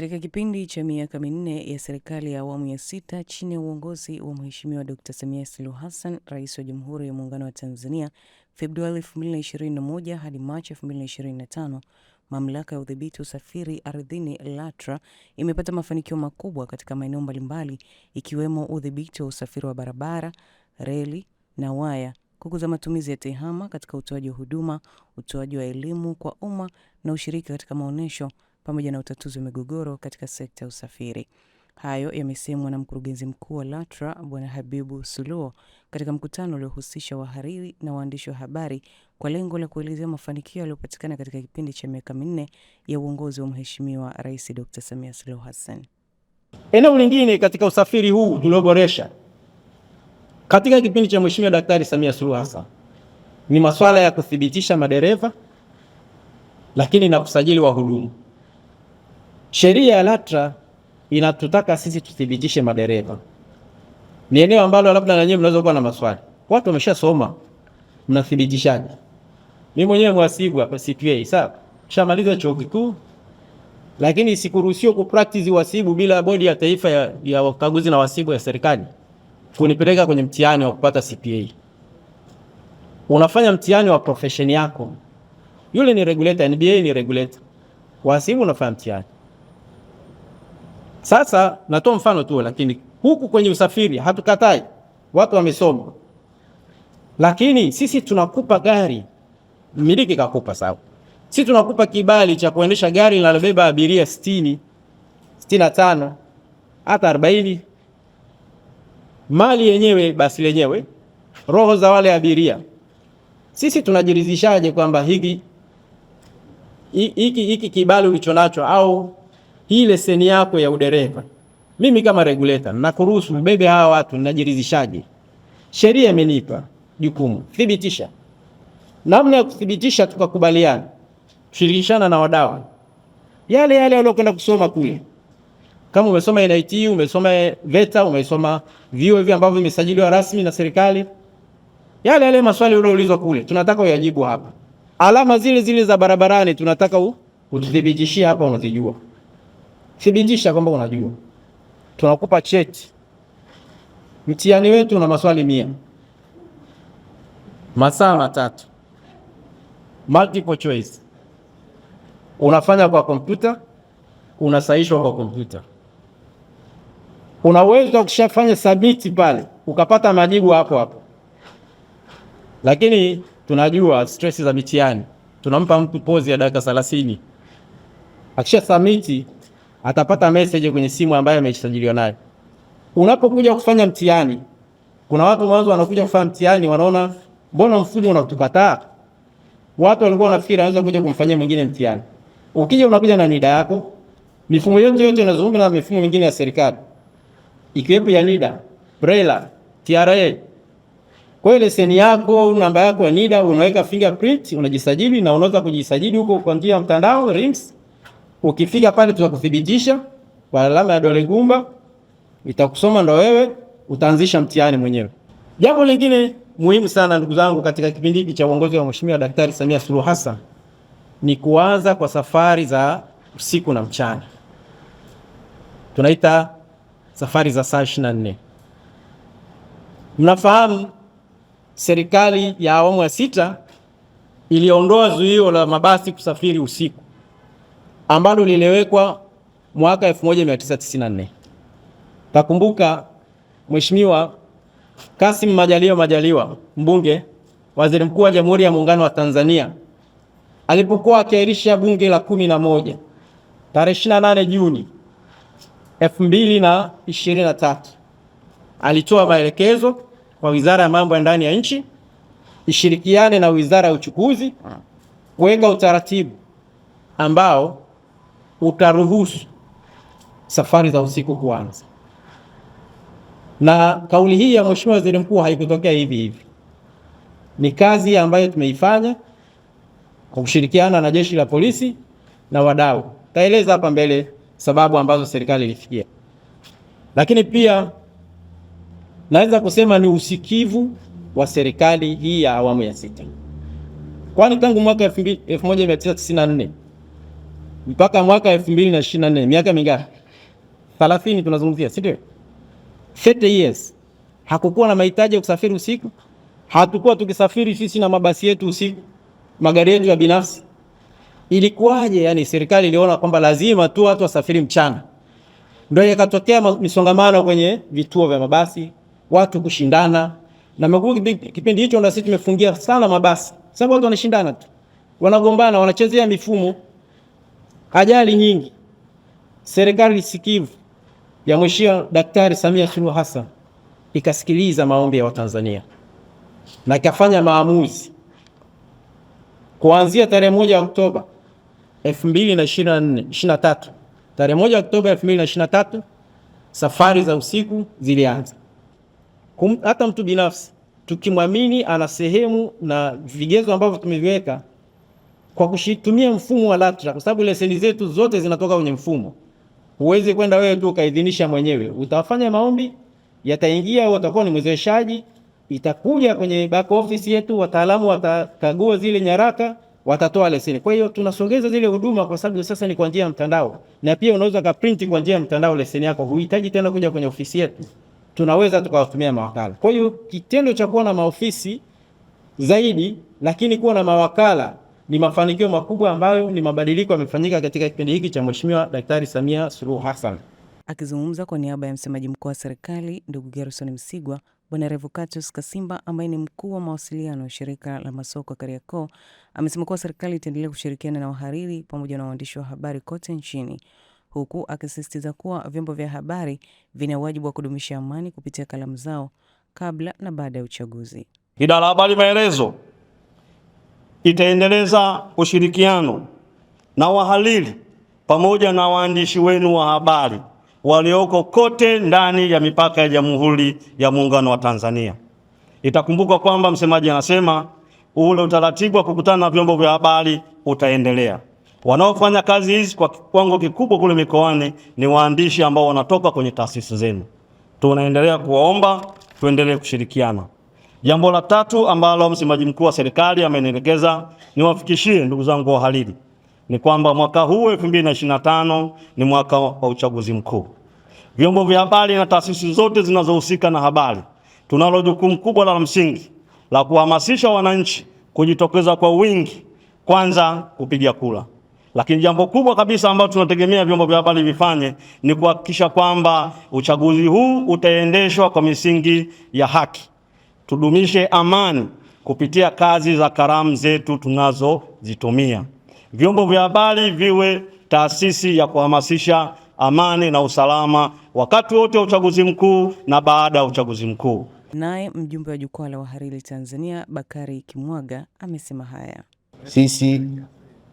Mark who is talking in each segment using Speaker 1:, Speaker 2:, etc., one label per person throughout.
Speaker 1: Katika kipindi cha miaka minne ya serikali ya awamu ya sita chini ya uongozi wa Mheshimiwa d Samia Suluhu Hassan, Rais wa Jamhuri ya Muungano wa Tanzania, Februari 221 hadi Machi 225 Mamlaka ya Udhibiti Usafiri Ardhini LATRA imepata mafanikio makubwa katika maeneo mbalimbali ikiwemo udhibiti wa usafiri wa barabara, reli na waya, kukuza matumizi ya TEHAMA katika utoaji wa huduma, utoaji wa elimu kwa umma na ushiriki katika maonyesho pamoja na utatuzi wa migogoro katika sekta ya usafiri. Hayo yamesemwa na mkurugenzi mkuu wa LATRA Bwana Habibu Suluo katika mkutano uliohusisha wahariri na waandishi wa habari kwa lengo la kuelezea mafanikio yaliyopatikana katika kipindi cha miaka minne ya uongozi wa Mheshimiwa Rais Dr. Samia Suluhu Hassan.
Speaker 2: Eneo lingine katika usafiri huu tulioboresha katika kipindi cha Mheshimiwa Daktari Samia Suluhu Hassan ni masuala ya kuthibitisha madereva, lakini na kusajili wahudumu. Sheria ya LATRA inatutaka sisi tuthibitishe madereva. Ni eneo ambalo labda na nyinyi mnaweza kuwa na maswali, watu wameshasoma, mnathibitishaje? Mimi mwenyewe mwasibu kwa CPA, sawa, Kishamaliza chuo kikuu, lakini sikuruhusiwa ku practice wasibu bila bodi ya taifa ya, ya wakaguzi na wasibu ya serikali kunipeleka kwenye mtihani wa kupata CPA. Unafanya mtihani wa profession yako, yule ni regulator, NBA ni regulator, wasibu unafanya mtihani sasa natoa mfano tu, lakini huku kwenye usafiri hatukatai, watu wamesoma, lakini sisi tunakupa gari mmiliki kakupa, sawa. Sisi tunakupa kibali cha kuendesha gari linalobeba abiria 60, 65 hata 40, mali yenyewe basi lenyewe, roho za wale abiria. Sisi tunajiridhishaje kwamba hiki hiki hiki kibali ulichonacho au hii leseni yako ya udereva, mimi kama regulator nakuruhusu mbebe hawa watu, ninajiridhishaje? Sheria imenipa jukumu, thibitisha. Namna ya kuthibitisha, tukakubaliana kushirikishana na wadau yale yale waliokwenda kusoma kule. Kama umesoma NIT, umesoma VETA, umesoma vyuo hivi ambavyo vimesajiliwa rasmi na serikali, yale yale maswali ulioulizwa kule tunataka uyajibu hapa. Alama zile zile za barabarani tunataka ututhibitishie hapa unazijua thibitisha kwamba unajua. Tunakupa cheti. Mtihani wetu una maswali mia, masaa matatu, multiple choice. Unafanya kwa kompyuta, unasahishwa kwa kompyuta. Unaweza ukishafanya submit pale ukapata majibu hapo hapo, lakini tunajua stress za mitihani. Tunampa mtu pozi ya dakika 30 akisha submit atapata message kwenye simu ambayo amesajiliwa nayo. Unapokuja kufanya mtihani, kuna watu mwanzo wanakuja kufanya mtihani, wanaona mbona mfumo unatukataa. Watu walikuwa wanafikiri anaweza kuja kumfanyia mwingine mtihani. Ukija unakuja na NIDA yako. Mifumo yote yote inazungumza na mifumo mingine ya serikali. Ikiwepo ya NIDA, BRELA, TRA. Kwa hiyo leseni yako, namba yako ya NIDA, unaweka fingerprint, unajisajili na unaweza kujisajili huko kwa njia ya mtandao RIMS Ukifika pale tutakuthibitisha kwa alama ya dole gumba, itakusoma ndo wewe utaanzisha mtihani mwenyewe. Jambo lingine muhimu sana ndugu zangu, katika kipindi hiki cha uongozi wa Mheshimiwa Daktari Samia Suluhu Hassan ni kuanza kwa safari za usiku na mchana, tunaita safari za saa 24. Mnafahamu serikali ya awamu ya sita iliondoa zuio la mabasi kusafiri usiku ambalo liliwekwa mwaka 1994. Takumbuka Mheshimiwa Kasim Majaliwa Majaliwa, mbunge, waziri mkuu wa Jamhuri ya Muungano wa Tanzania, alipokuwa akiahirisha bunge la kumi na moja tarehe 28 Juni 2023 alitoa maelekezo kwa Wizara ya Mambo ya Ndani ya Nchi ishirikiane na Wizara ya Uchukuzi kuweka utaratibu ambao utaruhusu safari za usiku kuanza. Na kauli hii ya Mheshimiwa Waziri Mkuu haikutokea hivi hivi, ni kazi ambayo tumeifanya kwa kushirikiana na jeshi la polisi na wadau. Taeleza hapa mbele sababu ambazo serikali ilifikia, lakini pia naweza kusema ni usikivu wa serikali hii ya awamu ya sita, kwani tangu mwaka 1994 mpaka mwaka 2024 miaka mingapi? 30 tunazungumzia, si ndio? 30 years. Hakukuwa na mahitaji ya kusafiri usiku, hatukuwa tukisafiri sisi na mabasi yetu usiku, magari yetu ya binafsi. Ilikuwaje? Yani serikali iliona kwamba lazima tu watu wasafiri mchana, ndio ikatokea misongamano kwenye vituo vya mabasi, watu kushindana na mkuu. Kipindi hicho ndio sisi tumefungia sana mabasi, sababu watu wanashindana tu, wanagombana, wanachezea mifumo ajali nyingi. Serikali sikivu ya Mheshimiwa Daktari Samia Suluhu Hassan ikasikiliza maombi ya Watanzania na ikafanya maamuzi kuanzia tarehe moja ya Oktoba 2023 tarehe moja Oktoba 2023 safari za usiku zilianza. Hata mtu binafsi tukimwamini ana sehemu na vigezo ambavyo tumeviweka kwa kushitumia mfumo wa LATRA, kwa sababu leseni zetu zote zinatoka kwenye mfumo. Huwezi kwenda wewe tu ukaidhinisha mwenyewe, utafanya maombi yataingia, au utakuwa ni mwezeshaji, itakuja kwenye back office yetu, wataalamu watakagua zile nyaraka, watatoa leseni. Kwa hiyo tunasongeza zile huduma, kwa sababu sasa ni kwa njia ya mtandao, na pia unaweza ka print kwa njia ya mtandao leseni yako, huhitaji tena kuja kwenye ofisi yetu, tunaweza tukawatumia mawakala. Kwa hiyo kitendo cha kuwa na maofisi zaidi, lakini kuwa na mawakala ni mafanikio makubwa ambayo ni mabadiliko yamefanyika katika kipindi hiki cha Mheshimiwa Daktari Samia Suluhu Hassan.
Speaker 1: Akizungumza kwa niaba ya msemaji mkuu wa serikali ndugu Gerson Msigwa, Bwana Revocatus Kasimba ambaye ni mkuu wa mawasiliano wa shirika la masoko Kariakoo amesema kuwa serikali itaendelea kushirikiana na wahariri pamoja na waandishi wa habari kote nchini, huku akisisitiza kuwa vyombo vya habari vina wajibu wa kudumisha amani kupitia kalamu zao kabla na baada ya uchaguzi.
Speaker 3: Idara ya Habari Maelezo itaendeleza ushirikiano na wahalili pamoja na waandishi wenu wa habari walioko kote ndani ya mipaka ya Jamhuri ya Muungano wa Tanzania. Itakumbuka kwamba msemaji anasema ule utaratibu wa kukutana na vyombo vya habari utaendelea. Wanaofanya kazi hizi kwa kiwango kikubwa kule mikoani ni waandishi ambao wanatoka kwenye taasisi zenu. Tunaendelea kuwaomba tuendelee kushirikiana. Jambo la tatu ambalo msemaji mkuu wa serikali amenielekeza niwafikishie ndugu zangu wahariri ni kwamba mwaka huu 2025 ni mwaka wa uchaguzi mkuu. Vyombo vya habari na taasisi zote zinazohusika na habari, tunalo jukumu kubwa la msingi la kuhamasisha wananchi kujitokeza kwa wingi, kwanza kupiga kura, lakini jambo kubwa kabisa ambalo tunategemea vyombo vya habari vifanye ni kuhakikisha kwamba uchaguzi huu utaendeshwa kwa misingi ya haki tudumishe amani kupitia kazi za karamu zetu tunazozitumia. Vyombo vya habari viwe taasisi ya kuhamasisha amani na usalama wakati wote wa uchaguzi mkuu na baada ya uchaguzi mkuu.
Speaker 1: Naye mjumbe wa jukwaa la wahariri Tanzania, Bakari Kimwaga, amesema haya.
Speaker 4: Sisi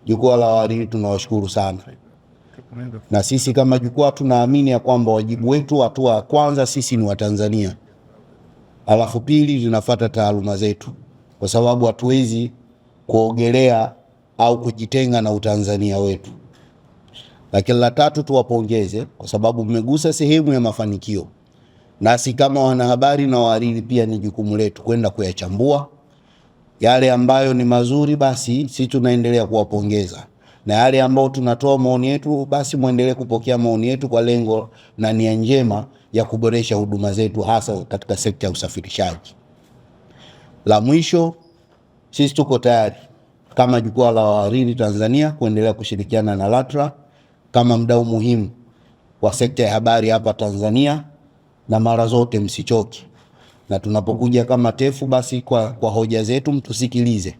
Speaker 4: jukwaa la wahariri tunawashukuru sana, na sisi kama jukwaa tunaamini ya kwamba wajibu wetu, hatua ya kwanza, sisi ni Watanzania alafu pili zinafata taaluma zetu, kwa sababu hatuwezi kuogelea au kujitenga na utanzania wetu. Lakini la tatu, tuwapongeze kwa sababu mmegusa sehemu ya mafanikio, nasi kama wanahabari na wahariri pia ni jukumu letu kwenda kuyachambua yale ambayo ni mazuri, basi si tunaendelea kuwapongeza na yale ambayo tunatoa maoni yetu, basi mwendelee kupokea maoni yetu kwa lengo na nia njema ya kuboresha huduma zetu hasa katika sekta ya usafirishaji. La mwisho, sisi tuko tayari kama Jukwaa la Wahariri Tanzania kuendelea kushirikiana na LATRA kama mdau muhimu wa sekta ya habari hapa Tanzania, na mara zote msichoke, na tunapokuja kama TEFU basi kwa, kwa hoja zetu mtusikilize.